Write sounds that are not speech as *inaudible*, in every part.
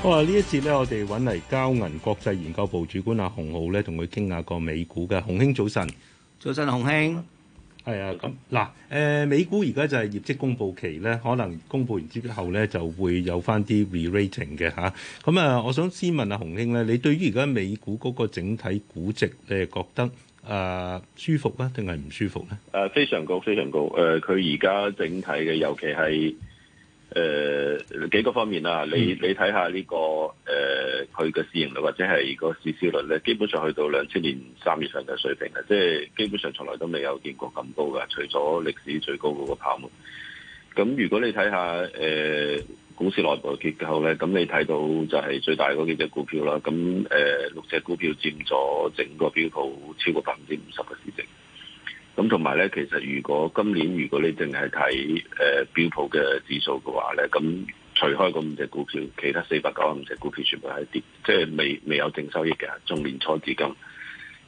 好啊、啊、呢一次咧，我哋揾嚟交銀國際研究部主管阿、啊、洪灝咧，同佢傾下個美股嘅。洪生早晨，早晨洪生，係啊咁嗱。誒、啊呃，美股而家就係業績公布期咧，可能公布完之後咧就會有翻啲 re-rating 嘅吓。咁啊，啊，我想先問下、啊、洪生咧，你對於而家美股嗰個整體估值，你係覺得啊、呃、舒服啊，定係唔舒服咧？誒，非常高，非常高。誒，佢而家整體嘅，尤其係。誒、呃，幾個方面啊，你你睇下呢個誒，佢、呃、嘅市盈率或者係個市銷率咧，基本上去到兩千年三月份嘅水平啦，即係基本上從來都未有見過咁高噶，除咗歷史最高嗰個泡沫。咁如果你睇下誒，股市內部嘅結構咧，咁你睇到就係最大嗰幾隻股票啦。咁誒，六、呃、隻股票佔咗整個標普超過百分之五十嘅市值。咁同埋咧，其實如果今年如果你淨係睇誒標普嘅指數嘅話咧，咁除開嗰五隻股票，其他四百九十五隻股票全部係跌，即係未未有正收益嘅，從年初至今。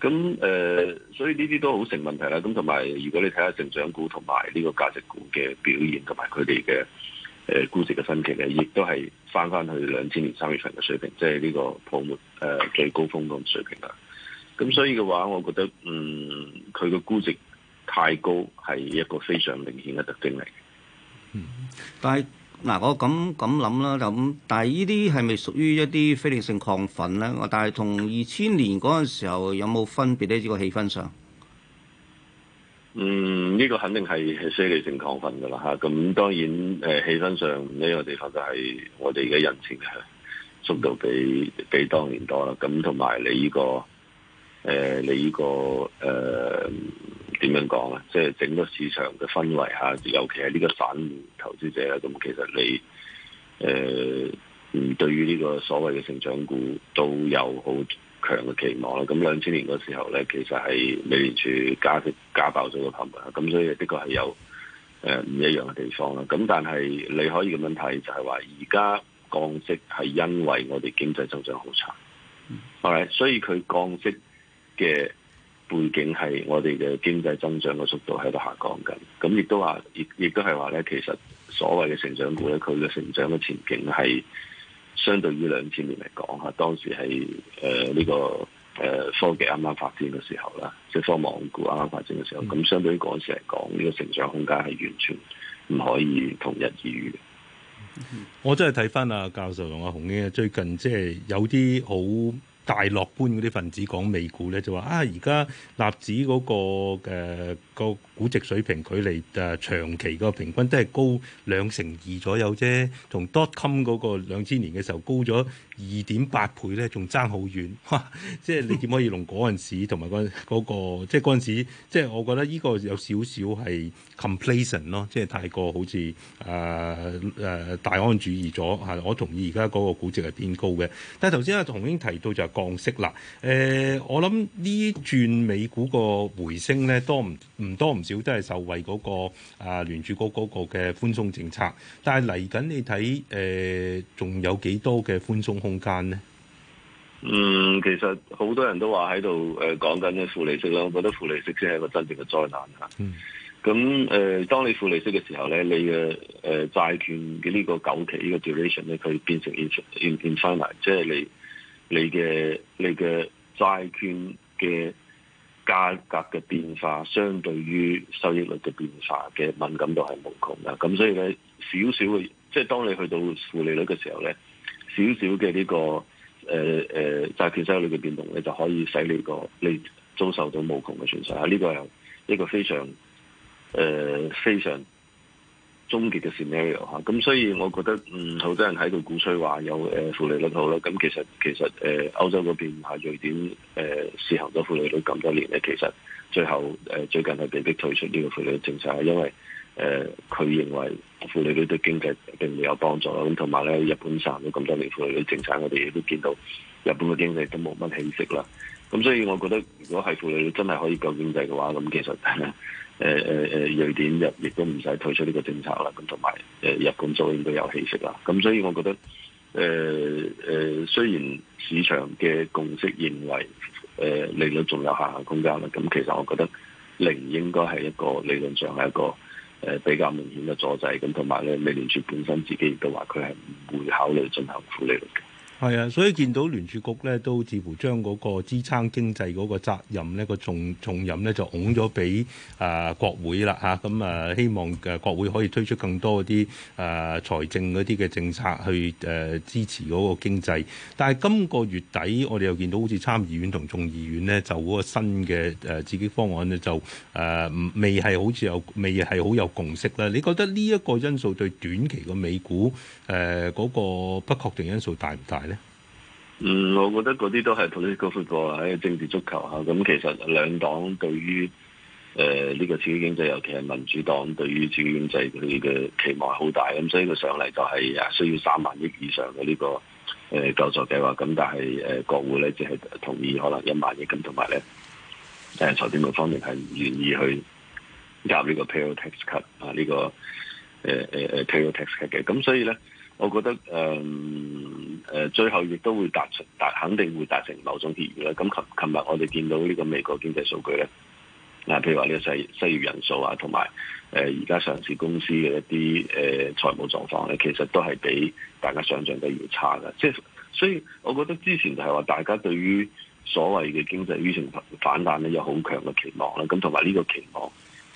咁誒，所以呢啲都好成問題啦。咁同埋，如果你睇下成長股同埋呢個價值股嘅表現，同埋佢哋嘅誒估值嘅分歧咧，亦都係返返去兩千年三月份嘅水平，即係呢個泡沫誒最高峰嗰個水平啦。咁所以嘅話，我覺得嗯，佢嘅估值太高係一個非常明顯嘅特徵嚟。嗯，但係嗱，我咁咁諗啦，咁但係呢啲係咪屬於一啲非理性亢奮咧？我但係同二千年嗰陣時候有冇分別呢？呢個氣氛上，嗯，呢個肯定係係非理性亢奮噶啦嚇。咁當然誒、呃、氣氛上呢個地方就係我哋嘅人情嘅速度比比當年多啦。咁同埋你呢個。誒、呃，你、這個呃、呢個誒點樣講啊？即係整個市場嘅氛圍吓，尤其係呢個散戶投資者啦。咁其實你誒，嗯、呃，對於呢個所謂嘅成長股都有好強嘅期望啦。咁兩千年嗰時候咧，其實係美聯儲加息加爆咗個泡沫，咁所以的確係有誒唔、呃、一樣嘅地方啦。咁但係你可以咁樣睇，就係話而家降息係因為我哋經濟增長好差，係、嗯、所以佢降息。嘅背景係我哋嘅經濟增長嘅速度喺度下降緊，咁亦都話，亦亦都係話咧，其實所謂嘅成長股咧，佢嘅、嗯、成長嘅前景係相對於兩千年嚟講嚇，當時係誒呢個誒、呃、科技啱啱發展嘅時候啦，即係科網股啱啱發展嘅時候，咁、嗯、相對於嗰時嚟講，呢、這個成長空間係完全唔可以同日而語嘅。我真係睇翻阿教授同阿洪英最近即係有啲好。大樂觀嗰啲分子講美股咧，就話啊，而家納指嗰、那個誒、呃那個估值水平距離誒、呃、長期個平均都係高兩成二左右啫，同 Dotcom 嗰個兩千年嘅時候高咗二點八倍咧，仲爭好遠，即係、就是、你點可以用嗰陣時同埋嗰嗰個即係嗰陣時，即、就、係、是、我覺得呢個有少少係 complacent 咯、呃，即係太過好似誒誒大安旨意咗嚇。我同意而家嗰個估值係偏高嘅，但係頭先阿洪英提到就是。降息啦，誒，我諗呢轉美股個回升咧，多唔唔多唔少都係受惠嗰個啊聯儲局嗰個嘅寬鬆政策。但係嚟緊你睇誒，仲有幾多嘅寬鬆空間呢？嗯，其實好多人都話喺度誒講緊嘅負利息啦，我覺得負利息先係一個真正嘅災難嚇。咁誒、嗯嗯，當你負利息嘅時候咧，你嘅誒、呃、債券嘅呢個久期呢個 duration 咧，佢變成 in in in China, 即係你。你嘅你嘅債券嘅價格嘅變化，相對於收益率嘅變化嘅敏感度係無窮嘅，咁所以咧少少嘅，即係當你去到負利率嘅時候咧，少少嘅呢個誒誒債券收益率嘅變動咧，就可以使你個你遭受到無窮嘅損失啊！呢個係一個非常誒、呃、非常。終結嘅事咩嘢嚇？咁所以，我覺得嗯，好多人喺度鼓吹話有誒負利率好啦。咁其實其實誒、呃、歐洲嗰邊啊，瑞典誒施、呃、行咗負利率咁多年咧，其實最後誒、呃、最近係被迫退出呢個負利率政策，因為誒佢、呃、認為負利率對經濟並未有幫助啦。咁同埋咧，日本實行咗咁多年負利率政策，我哋亦都見到日本嘅經濟都冇乜起色啦。咁所以，我覺得如果係負利率真係可以救經濟嘅話，咁其實。 *laughs* 誒誒誒，瑞典入亦都唔使退出呢個政策啦，咁同埋誒日本都應該有起色啦，咁所以我覺得誒誒、呃呃，雖然市場嘅共識認為誒、呃、利率仲有下行空間啦，咁其實我覺得零應該係一個理論上係一個誒、呃、比較明顯嘅阻滯，咁同埋咧，美聯儲本身自己亦都話佢係唔會考慮進行負利率嘅。係啊，所以見到聯儲局咧都似乎將嗰個支撐經濟嗰個責任呢個重重任呢就拱咗俾啊國會啦吓，咁啊希望嘅國會可以推出更多啲啊、呃、財政嗰啲嘅政策去誒、呃、支持嗰個經濟。但係今個月底我哋又見到好似參議院同眾議院呢就嗰個新嘅誒刺激方案呢，就、呃、誒未係好似有未係好有共識啦。你覺得呢一個因素對短期嘅美股誒嗰、呃嗰個不確定因素大唔大？嗯，我覺得嗰啲都係同息高呼過喺政治足球嚇，咁、嗯、其實兩黨對於誒呢、呃這個刺激經濟，尤其係民主黨對於刺激經濟佢嘅期望係好大，咁、嗯，所以佢上嚟就係需要三萬億以上嘅呢、這個誒救助計劃，咁但係誒、呃、國會咧只係同意可能一萬億咁，同埋咧誒財政部方面係唔願意去夾呢個 payroll tax cut 啊呢、這個誒誒誒 payroll tax cut 嘅，咁所以咧，我覺得誒。呃誒最後亦都會達成，達肯定會達成某種協議啦。咁琴琴日我哋見到呢個美國經濟數據咧，嗱，譬如話呢個失業失業人數啊，同埋誒而家上市公司嘅一啲誒、呃、財務狀況咧，其實都係比大家想象得要差嘅。即、就、係、是、所以，我覺得之前就係話大家對於所謂嘅經濟於情反彈咧，有好強嘅期望啦。咁同埋呢個期望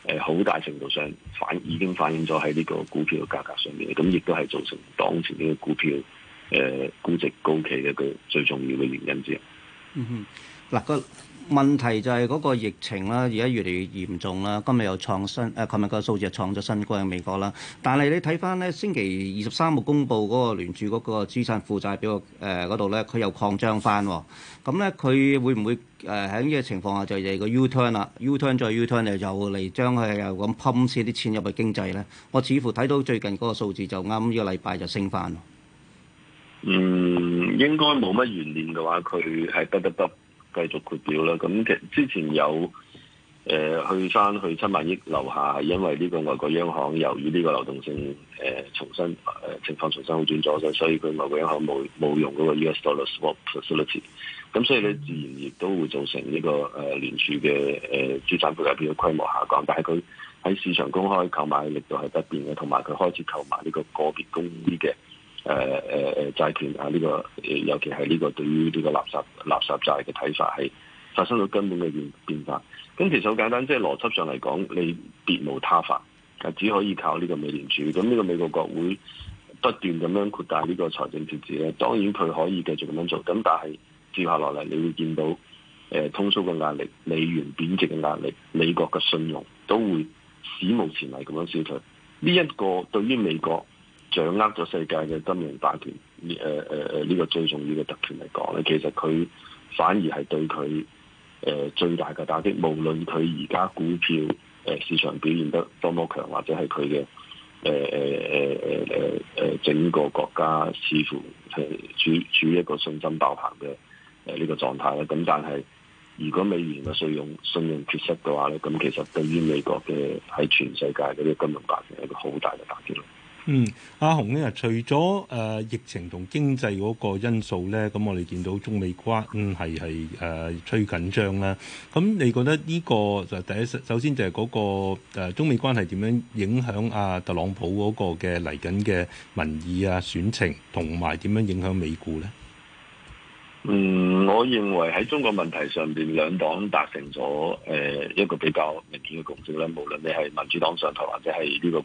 誒，好、呃、大程度上反已經反映咗喺呢個股票嘅價格上面，咁亦都係造成當前呢個股票。誒估值高企嘅一個最重要嘅原因之一。嗯哼，嗱個問題就係嗰個疫情啦，而家越嚟越嚴重啦。今日又創新，誒、呃，琴日個數字又創咗新高喺美國啦。但係你睇翻咧，星期二十三號公佈嗰個聯儲嗰個資產負債表誒嗰度咧，佢又擴張翻。咁、嗯、咧，佢會唔會誒喺呢個情況下就係個 U turn 啦？U turn 再 U turn, U turn 又又嚟將佢又咁 pump 啲錢入去經濟咧？我似乎睇到最近嗰個數字就啱呢個禮拜就升翻。嗯，應該冇乜懸念嘅話，佢係不得不繼續擴表啦。咁其實之前有誒去返去七萬億樓下，因為呢個外國央行由於呢個流動性誒重新情況重新轉左咗，所以佢外國央行冇冇用嗰個 US dollar swap facility。咁所以咧，自然亦都會造成呢個誒聯儲嘅誒資產負債表規模下降。但係佢喺市場公開購買力度係不變嘅，同埋佢開始購買呢個個別公司嘅。誒誒誒債券啊！呢、呃、個尤其係呢個對於呢個垃圾垃圾債嘅睇法係發生咗根本嘅變變化。咁其實好簡單，即係邏輯上嚟講，你別無他法，係只可以靠呢個美聯儲。咁呢個美國國會不斷咁樣擴大呢個財政赤字咧，當然佢可以繼續咁樣做。咁但係接下落嚟，你會見到誒、呃、通縮嘅壓力、美元貶值嘅壓力、美國嘅信用都會史無前例咁樣消退。呢、這、一個對於美國，掌握咗世界嘅金融霸權誒誒誒呢個最重要嘅特權嚟講，咧，其實佢反而係對佢誒、呃、最大嘅打擊，無論佢而家股票誒、呃、市場表現得多麼強，或者係佢嘅誒誒誒誒誒誒整個國家似乎係處處於一個信心爆棚嘅誒呢個狀態。咧。咁但係如果美元嘅信用信用缺失嘅話，咧，咁其實對於美國嘅喺全世界嗰啲金融霸權係一個好大嘅打擊。咯。嗯，阿洪咧，除咗誒疫情同經濟嗰個因素咧，咁我哋見到中美關係係誒趨緊張啦。咁你覺得呢個就第一，首先就係嗰個誒中美關係點樣影響阿特朗普嗰個嘅嚟緊嘅民意啊、選情，同埋點樣影響美股咧？嗯，我認為喺中國問題上邊，兩黨達成咗誒一個比較明顯嘅共識咧。無論你係民主黨上台或者係呢個。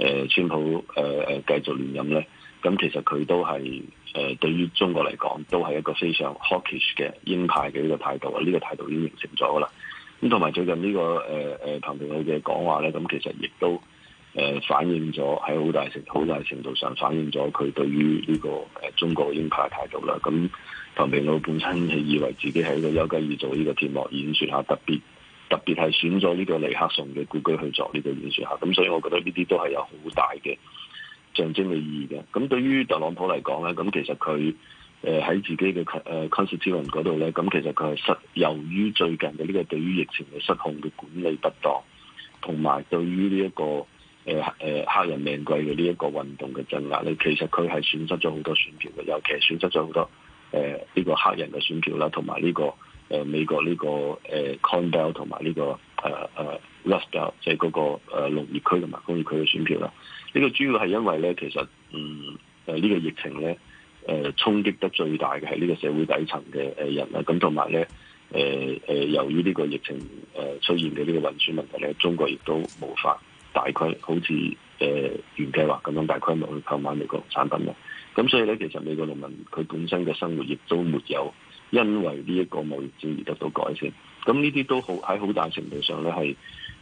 誒、呃，川普誒誒、呃、繼續連任咧，咁、嗯、其實佢都係誒、呃、對於中國嚟講，都係一個非常 hawkish 嘅鷹派嘅一個態度啊！呢、這個態度已經形成咗啦。咁同埋最近呢、這個誒誒、呃呃、彭佩奧嘅講話咧，咁、嗯、其實亦都誒、呃、反映咗喺好大程好大程度上反映咗佢對於呢、這個誒、呃、中國鷹派嘅態度啦。咁彭佩奧本身係以為自己喺個休雞業做呢個鐵幕演説嚇特別。特別係選咗呢個尼克松嘅故居去作呢個演説嚇，咁所以我覺得呢啲都係有好大嘅象徵嘅意義嘅。咁對於特朗普嚟講咧，咁其實佢誒喺自己嘅誒昆士芝雲嗰度咧，咁、呃、其實佢係失由於最近嘅呢個對於疫情嘅失控嘅管理不當，同埋對於呢、這、一個誒誒黑人命貴嘅呢一個運動嘅鎮壓咧，其實佢係損失咗好多選票嘅，尤其係損失咗好多誒呢、呃這個黑人嘅選票啦，同埋呢個。誒美國呢個誒 Corn Belt 同埋呢個誒誒 Rust Belt，即係嗰個誒農業區同埋工業區嘅選票啦。呢、這個主要係因為咧，其實嗯誒呢、呃這個疫情咧誒、呃、衝擊得最大嘅係呢個社會底層嘅誒人啦。咁同埋咧誒誒由於呢個疫情誒出現嘅呢個運輸問題咧，中國亦都無法大規模好似誒、呃、原計劃咁樣大規模去購買美國產品啦。咁所以咧，其實美國農民佢本身嘅生活亦都沒有。因為呢一個貿易戰而得到改善，咁呢啲都好喺好大程度上咧係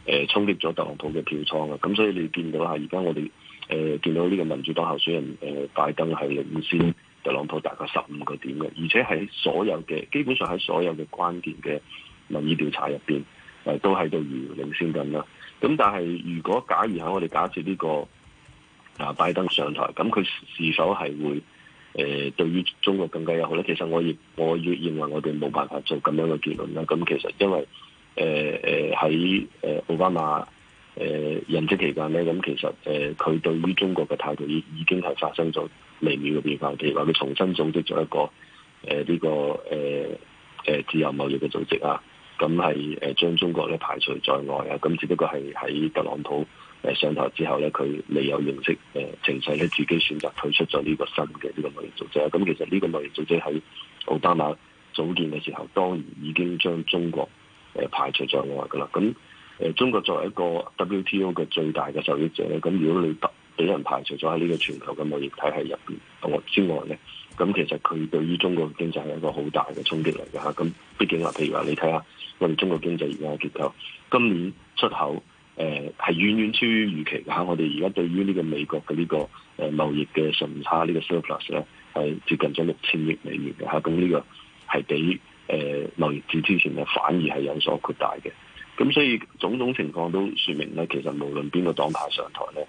誒衝擊咗特朗普嘅票倉嘅，咁所以你見到、呃、見到係而家我哋誒見到呢個民主黨候選人誒、呃、拜登係領先特朗普大概十五個點嘅，而且係所有嘅基本上喺所有嘅關鍵嘅民意調查入邊誒都喺度如領先緊啦。咁但係如果假如喺我哋假設呢個啊拜登上台，咁佢是否係會？誒、呃、對於中國更加友好咧，其實我亦我越認為我哋冇辦法做咁樣嘅結論啦。咁、嗯、其實因為誒誒喺誒奧巴馬誒任期期間咧，咁、嗯、其實誒佢、呃、對於中國嘅態度已已經係發生咗微妙嘅變化。譬如話佢重新組織咗一個誒呢、呃這個誒誒、呃、自由貿易嘅組織啊，咁係誒將中國咧排除在外啊，咁只不過係喺特朗普。誒上台之後咧，佢未有認識誒情勢咧，自己選擇退出咗呢個新嘅呢、這個貿易組織咁、啊嗯、其實呢個貿易組織喺奧巴馬組建嘅時候，當然已經將中國誒、呃、排除在外噶啦。咁、嗯、誒、呃、中國作為一個 WTO 嘅最大嘅受益者咧，咁、嗯、如果你被俾人排除咗喺呢個全球嘅貿易體系入邊之外咧，咁、嗯、其實佢對於中國經濟係一個好大嘅衝擊嚟㗎吓。咁、嗯、畢竟啊，譬如話你睇下我哋中國經濟而家嘅結構，今年出口。誒係、呃、遠遠超於預期嘅、啊、我哋而家對於呢個美國嘅呢、這個誒、呃、貿易嘅順差呢、這個 surplus 咧，係接近咗六千億美元嘅嚇，咁、啊、呢、嗯這個係比誒、呃、貿易戰之前咧反而係有所擴大嘅。咁、啊、所以種種情況都說明咧，其實無論邊個黨派上台咧，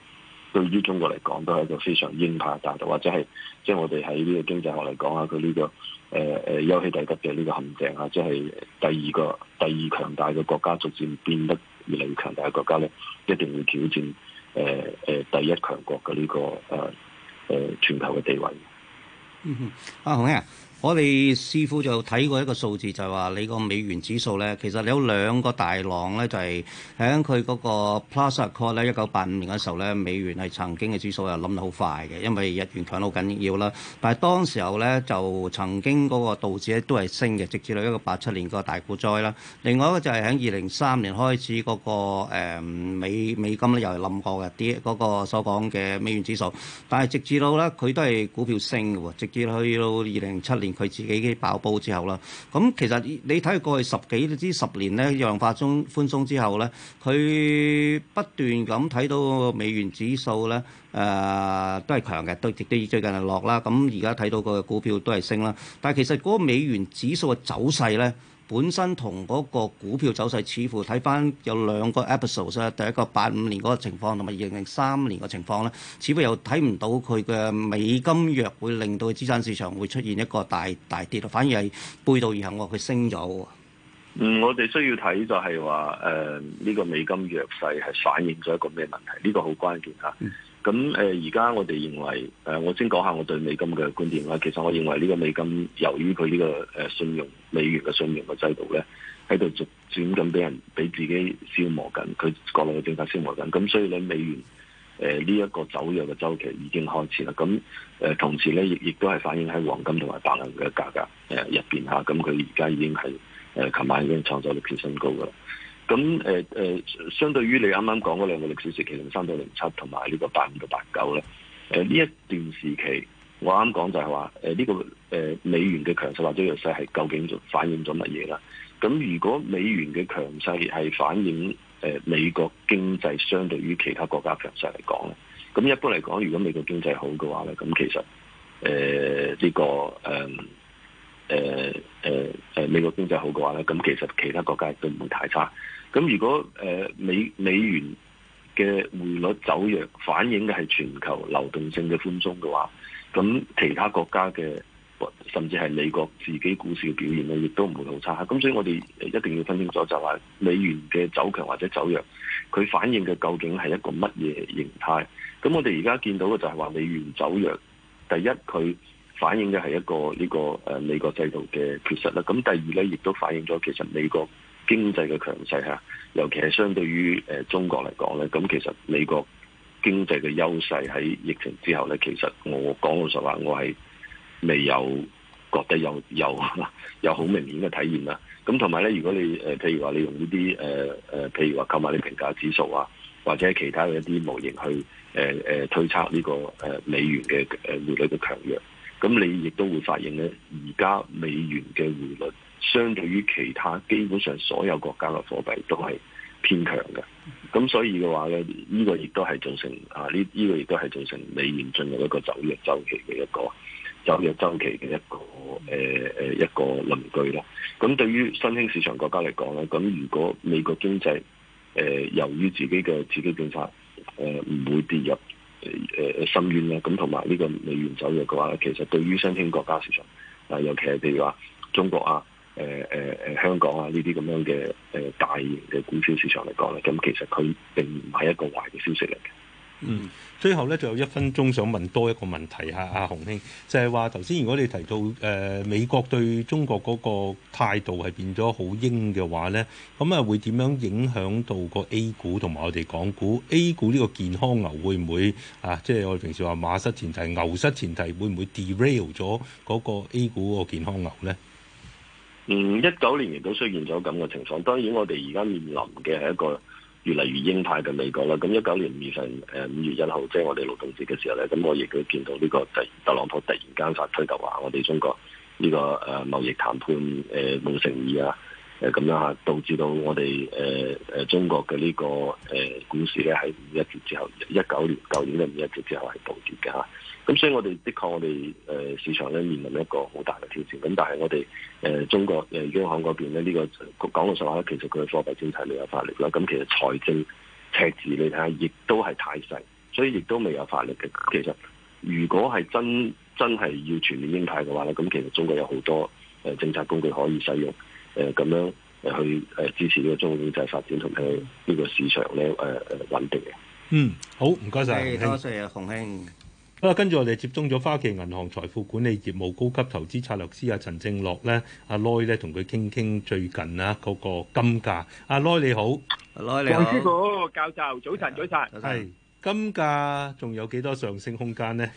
對於中國嚟講都係一個非常鷹派大道，或者係即係我哋喺呢個經濟學嚟講啊，佢呢、這個誒誒修昔底德嘅呢個陷阱啊，即、就、係、是、第二個第二強大嘅國家逐漸變得。越嚟越強大嘅國家咧，一定會挑戰誒誒、呃呃、第一強國嘅呢、這個誒誒全球嘅地位。嗯哼、mm，阿洪啊！我哋師傅就睇過一個數字，就係話你個美元指數咧，其實有兩個大浪咧，就係喺佢嗰個 Plaza Accord 咧，一九八五年嘅時候咧，美元係曾經嘅指數又冧得好快嘅，因為日元強到緊要啦。但係當時候咧，就曾經嗰個道指都係升嘅，直至到一九八七年個大股災啦。另外一個就係喺二零三年開始嗰個、呃、美美金咧又冧過嘅，啲嗰個所講嘅美元指數。但係直至到咧，佢都係股票升嘅喎，直至去到二零七年。佢自己嘅爆煲之後啦，咁其實你睇過去十幾之十年咧，量化中、寬鬆之後咧，佢不斷咁睇到個美元指數咧，誒都係強嘅，都亦都已經最近係落啦。咁而家睇到個股票都係升啦，但係其實嗰個美元指數嘅走勢咧。本身同嗰個股票走勢，似乎睇翻有兩個 episode，第一個八五年嗰個情況，同埋二零零三年嘅情況咧，似乎又睇唔到佢嘅美金弱會令到資產市場會出現一個大大跌，反而係背道而行，佢升咗。嗯，我哋需要睇就係話，誒、呃、呢、這個美金弱勢係反映咗一個咩問題？呢、這個好關鍵嚇。嗯咁誒，而家我哋認為，誒，我先講下我對美金嘅觀點啦。其實我認為呢個美金，由於佢呢個誒信用美元嘅信用嘅制度咧，喺度逐漸咁俾人俾自己消磨緊，佢國內嘅政策消磨緊，咁所以咧美元誒呢一個走弱嘅周期已經開始啦。咁誒，同時咧亦亦都係反映喺黃金同埋白銀嘅價格誒入邊嚇。咁佢而家已經係誒琴晚已經創造歷史新高噶啦。咁誒誒，相對於你啱啱講嗰兩個歷史時期，零三到零七同埋呢個八五到八九咧，誒、呃、呢一段時期，我啱講就係話誒呢個誒、呃、美元嘅強勢或者弱勢係究竟反映咗乜嘢啦？咁如果美元嘅強勢係反映誒、呃、美國經濟相對於其他國家強勢嚟講咧，咁一般嚟講，如果美國經濟好嘅話咧，咁其實誒呢、呃這個誒誒誒誒美國經濟好嘅話咧，咁其實其他國家亦都唔會太差。咁如果誒美美元嘅匯率走弱，反映嘅係全球流動性嘅寬鬆嘅話，咁其他國家嘅甚至係美國自己股市嘅表現咧，亦都唔會好差。咁所以我哋一定要分清楚，就係美元嘅走強或者走弱，佢反映嘅究竟係一個乜嘢形態？咁我哋而家見到嘅就係話美元走弱，第一佢反映嘅係一個呢個誒美國制度嘅缺失啦。咁第二咧，亦都反映咗其實美國經濟嘅強勢嚇，尤其係相對於誒中國嚟講咧，咁其實美國經濟嘅優勢喺疫情之後咧，其實我講老實話，我係未有覺得有有有好明顯嘅體驗啦。咁同埋咧，如果你誒譬如話你用呢啲誒誒，譬如話、呃、購買啲評價指數啊，或者係其他嘅一啲模型去誒誒、呃呃、推測呢個誒美元嘅誒匯率嘅強弱，咁你亦都會發現咧，而家美元嘅匯率。相對於其他基本上所有國家嘅貨幣都係偏強嘅，咁所以嘅話咧，依、這個亦都係造成啊呢依、這個亦都係造成美元進入一個走弱周期嘅一個走弱周期嘅一個誒誒、呃、一個鄰居啦。咁對於新興市場國家嚟講咧，咁如果美國經濟誒、呃、由於自己嘅刺激政策誒唔會跌入誒誒甚遠深淵咧，咁同埋呢個美元走弱嘅話，其實對於新興國家市場啊、呃，尤其係譬如話中國啊。誒誒誒，香港啊，呢啲咁樣嘅誒大型嘅股票市場嚟講咧，咁其實佢並唔係一個壞嘅消息嚟嘅。嗯，最後咧，仲有一分鐘，想問多一個問題吓，阿、啊、洪兄就係話，頭先如果你提到誒、呃、美國對中國嗰個態度係變咗好鷹嘅話咧，咁啊會點樣影響到個 A 股同埋我哋港股？A 股呢個健康牛會唔會啊？即係我哋平時話馬失前蹄、牛失前蹄，會唔會 derail 咗嗰個 A 股個健康牛咧？嗯，一九年亦都出現咗咁嘅情況。當然，我哋而家面臨嘅係一個越嚟越鷹派嘅美國啦。咁一九年五月份，誒五月一號，即係我哋勞動節嘅時候咧，咁我亦都見到呢個特特朗普突然間發推特話：我哋中國呢、呢個誒、呃、貿易談判誒冇、呃、誠意啊！誒咁樣嚇，導致到我哋誒誒中國嘅呢、這個誒、呃、股市咧，喺五一節之後，一九年舊年嘅五一節之後係暴跌嘅嚇。咁、嗯、所以我哋的確我哋誒、呃、市場咧，面臨一個好大嘅挑戰。咁但係我哋誒、呃、中國誒、呃、央行嗰邊咧，呢、這個講句實話咧，其實佢嘅貨幣政策未有發力啦。咁其實財政赤字你睇下，亦都係太細，所以亦都未有發力嘅。其實如果係真真係要全面英態嘅話咧，咁其實中國有好多誒政策工具可以使用。誒，咁樣去誒支持呢個中國經濟發展同埋呢個市場咧誒誒穩定嘅。嗯，好，唔該晒，多謝啊洪兄。好啦，跟住我哋接通咗花旗銀行財富管理業務高級投資策略師啊陳正犖咧，阿 Lo 咧同佢傾傾最近啊嗰個金價。阿 Lo 你好，Hello 你好，黃師傅教授，早晨早晨。係，金價仲有幾多上升空間咧？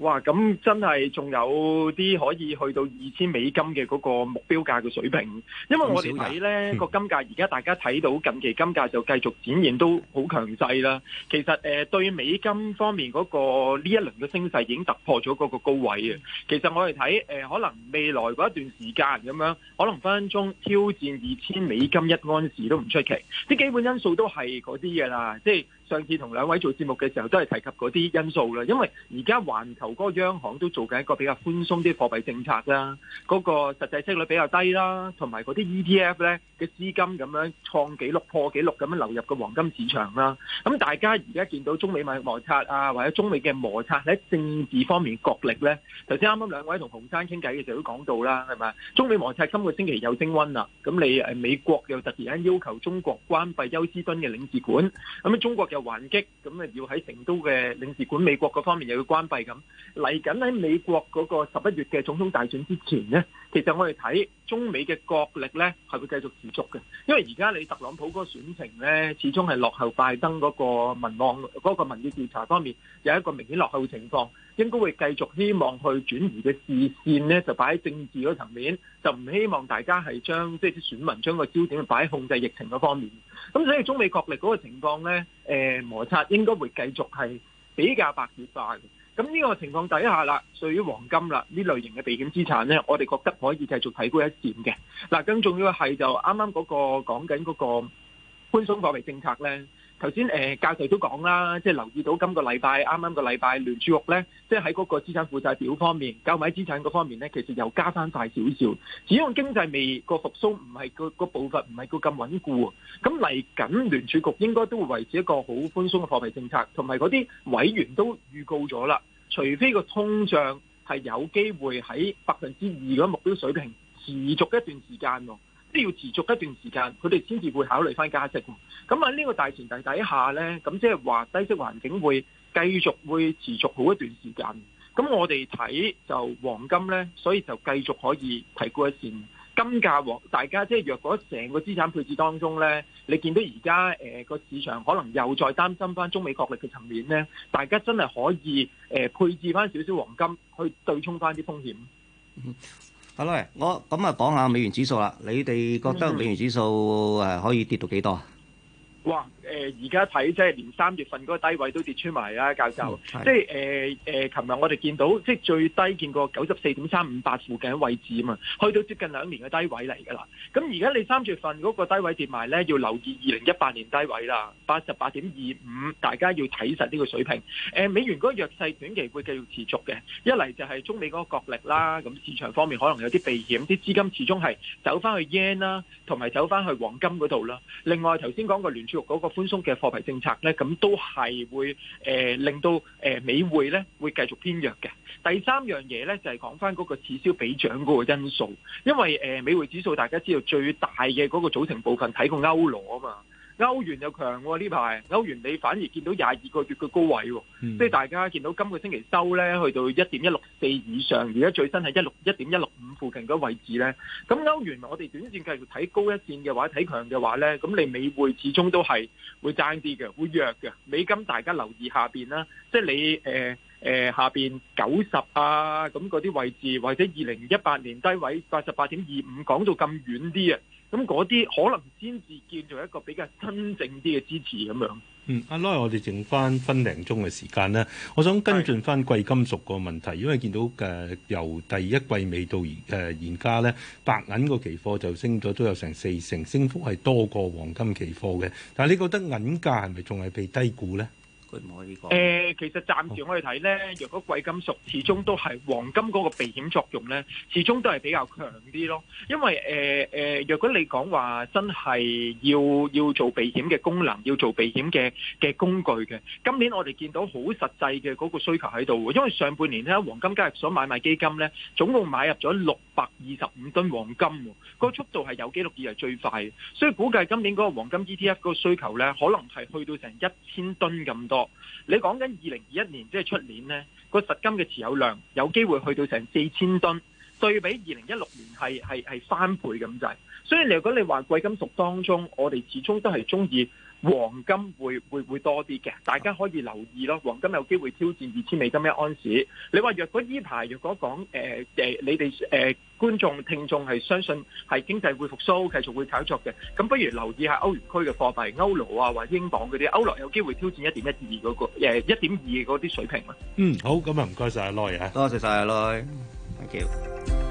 哇！咁真係仲有啲可以去到二千美金嘅嗰個目標價嘅水平，因為我哋睇呢個金價，而家大家睇到近期金價就繼續展現都好強勢啦。其實誒、呃、對美金方面嗰、嗰個呢一輪嘅升勢已經突破咗嗰個高位啊。其實我哋睇誒可能未來嗰一段時間咁樣，可能分分鐘挑戰二千美金一盎司都唔出奇。啲基本因素都係嗰啲嘅啦，即係。上次同兩位做節目嘅時候都係提及嗰啲因素啦，因為而家環球嗰個央行都做緊一個比較寬鬆啲貨幣政策啦，嗰、嗰個實際息率比較低啦，同埋嗰啲 ETF 咧嘅資金咁樣創紀錄破紀錄咁樣流入個黃金市場啦。咁大家而家見到中美貿易摩擦啊，或者中美嘅摩擦喺、啊、政治方面角力咧，頭先啱啱兩位同洪生傾偈嘅時候都講到啦，係咪中美摩擦今個星期又升溫啦，咁你誒美國又突然間要求中國關閉休斯敦嘅領事館，咁中國又還擊咁啊，要喺成都嘅領事館，美國嗰方面又要關閉。咁嚟緊喺美國嗰個十一月嘅總統大選之前咧。其實我哋睇中美嘅角力咧，係會繼續持續嘅，因為而家你特朗普嗰個選情咧，始終係落後拜登嗰個民望、嗰個民意調查方面有一個明顯落後嘅情況，應該會繼續希望去轉移嘅視線咧，就擺喺政治嗰層面，就唔希望大家係將即係啲選民將個焦點擺喺控制疫情嗰方面。咁所以中美角力嗰個情況咧，誒摩擦應該會繼續係比較白熱化嘅。咁呢個情況底下啦，對於黃金啦呢類型嘅避險資產咧，我哋覺得可以繼續睇高一線嘅。嗱，更重要係就啱啱嗰個講緊嗰個寬鬆貨幣政策咧。頭先誒教授都講啦，即係留意到今個禮拜啱啱個禮拜聯儲局咧，即係喺嗰個資產負債表方面、購買資產嗰方面咧，其實又加翻快少少。只要經濟未個復甦，唔係個個步伐唔係個咁穩固，咁嚟緊聯儲局應該都會維持一個好寬鬆嘅貨幣政策，同埋嗰啲委員都預告咗啦。除非個通脹係有機會喺百分之二嘅目標水平持續一段時間喎，哦，即係要持續一段時間，佢哋先至會考慮翻加息。咁喺呢個大前提底下呢，咁即係話低息環境會繼續會持續好一段時間。咁我哋睇就黃金呢，所以就繼續可以睇高一線。金價黃，大家即係若果成個資產配置當中咧，你見到而家誒個市場可能又再擔心翻中美角力嘅層面咧，大家真係可以誒配置翻少少黃金去對沖翻啲風險。好啦，我咁啊講下美元指數啦，你哋覺得美元指數誒可以跌到幾多？哇！誒而家睇即係連三月份嗰個低位都跌穿埋啦，教授是、呃呃。即係誒誒，琴日我哋見到即係最低見過九十四點三五八附近位置啊嘛，去到接近兩年嘅低位嚟㗎啦。咁而家你三月份嗰個低位跌埋咧，要留意二零一八年低位啦，八十八點二五，大家要睇實呢個水平。誒、呃、美元嗰個弱勢短期會繼續持續嘅，一嚟就係中美嗰個角力啦，咁市場方面可能有啲避險，啲資金始終係走翻去 yen 啦，同埋走翻去黃金嗰度啦。另外頭先講個聯儲嗰個寬鬆嘅貨幣政策咧，咁都係會誒、呃、令到誒、呃、美匯咧會繼續偏弱嘅。第三樣嘢咧就係講返嗰個此消彼長嗰個因素，因為誒、呃、美匯指數大家知道最大嘅嗰個組成部分睇過歐羅啊嘛。歐元又強喎呢排，歐元你反而見到廿二個月嘅高位喎、啊，即係、嗯、大家見到今個星期收呢去到一點一六四以上，而家最新係一點一六五附近嘅位置呢。咁歐元我哋短線繼續睇高一線嘅話，睇強嘅話呢，咁你美匯始終都係會爭啲嘅，會弱嘅。美金大家留意下邊啦、啊，即係你誒誒、呃呃、下邊九十啊，咁嗰啲位置或者二零一八年低位八十八點二五講到咁遠啲啊！咁嗰啲可能先至叫做一個比較真正啲嘅支持咁樣。嗯，阿 Lo，我哋剩翻分零鐘嘅時間咧，我想跟進翻貴金屬個問題，的因為見到誒、呃、由第一季尾到誒、呃、現家咧，白銀個期貨就升咗都有成四成，升幅係多過黃金期貨嘅。但係你覺得銀價係咪仲係被低估咧？誒、呃，其實暫時我哋睇咧，若果貴金屬始終都係黃金嗰個避險作用咧，始終都係比較強啲咯。因為誒誒、呃呃，若果你講話真係要要做避險嘅功能，要做避險嘅嘅工具嘅，今年我哋見到好實際嘅嗰個需求喺度喎。因為上半年咧，黃金交易所買賣基金咧，總共買入咗六百二十五噸黃金，嗰個速度係有紀錄以來最快，所以估計今年嗰個黃金 ETF 嗰個需求咧，可能係去到成一千噸咁多。你講緊二零二一年即係出年咧，個實金嘅持有量有機會去到成四千噸，對比二零一六年係係係翻倍咁滯，所以如果你話貴金屬當中，我哋始終都係中意。黃金會會會多啲嘅，大家可以留意咯。黃金有機會挑戰二千美金一安士。你話若果依排若果講誒誒，你哋誒觀眾聽眾係相信係經濟會復甦，繼續會炒作嘅，咁不如留意下歐元區嘅貨幣歐羅啊，或者英鎊嗰啲，歐羅有機會挑戰一點一二嗰個誒一點二嗰啲水平啦。嗯，好，咁啊唔該曬阿犖啊，多謝曬阿犖，好。Thank you.